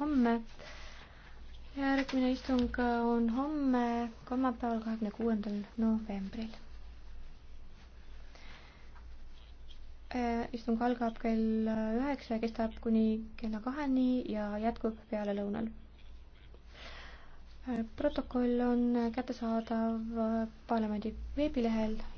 homme. järgmine istung on homme, kolmapäeval, kahekümne kuuendal novembril. Äh, istung algab kell äh, üheksa ja kestab kuni kella kaheni ja jätkub pealelõunal äh, protokoll on kättesaadav parlamendi veebilehel